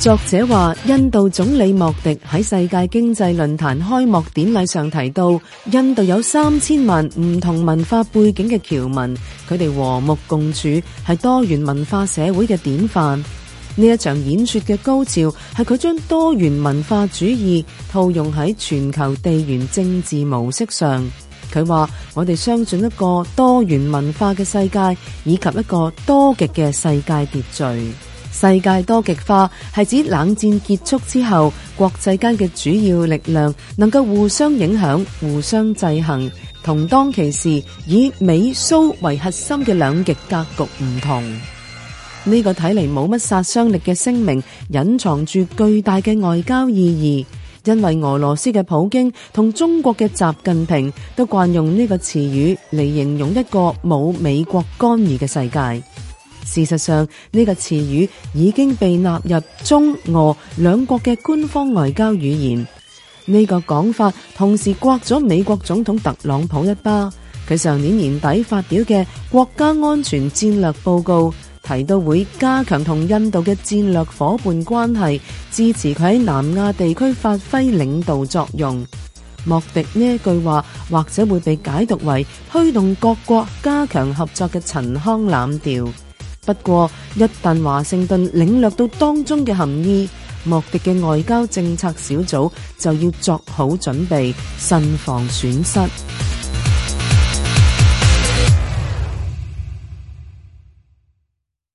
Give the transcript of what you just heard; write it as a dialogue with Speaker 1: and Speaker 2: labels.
Speaker 1: 作者話，印度總理莫迪喺世界經濟論壇開幕典禮上提到，印度有三千萬唔同文化背景嘅僑民，佢哋和睦共處，係多元文化社會嘅典範。呢一場演說嘅高潮係佢將多元文化主義套用喺全球地緣政治模式上。佢話：我哋相信一個多元文化嘅世界，以及一個多極嘅世界秩序。世界多極化係指冷戰結束之後，國際間嘅主要力量能夠互相影響、互相制衡，同當其時以美蘇為核心嘅兩極格局唔同。呢個睇嚟冇乜殺傷力嘅聲明，隱藏住巨大嘅外交意義，因為俄羅斯嘅普京同中國嘅習近平都慣用呢個詞語嚟形容一個冇美國干預嘅世界。事實上呢個詞語已經被納入中俄兩國嘅官方外交語言。呢個講法同時刮咗美國總統特朗普一巴。佢上年年底發表嘅國家安全戰略報告提到，會加強同印度嘅戰略夥伴關係，支持佢喺南亞地區發揮領導作用。莫迪呢一句話或者會被解讀為推動各國加強合作嘅陳腔濫調。不過，一旦華盛頓領略到當中嘅含義，莫迪嘅外交政策小組就要作好準備，慎防損失。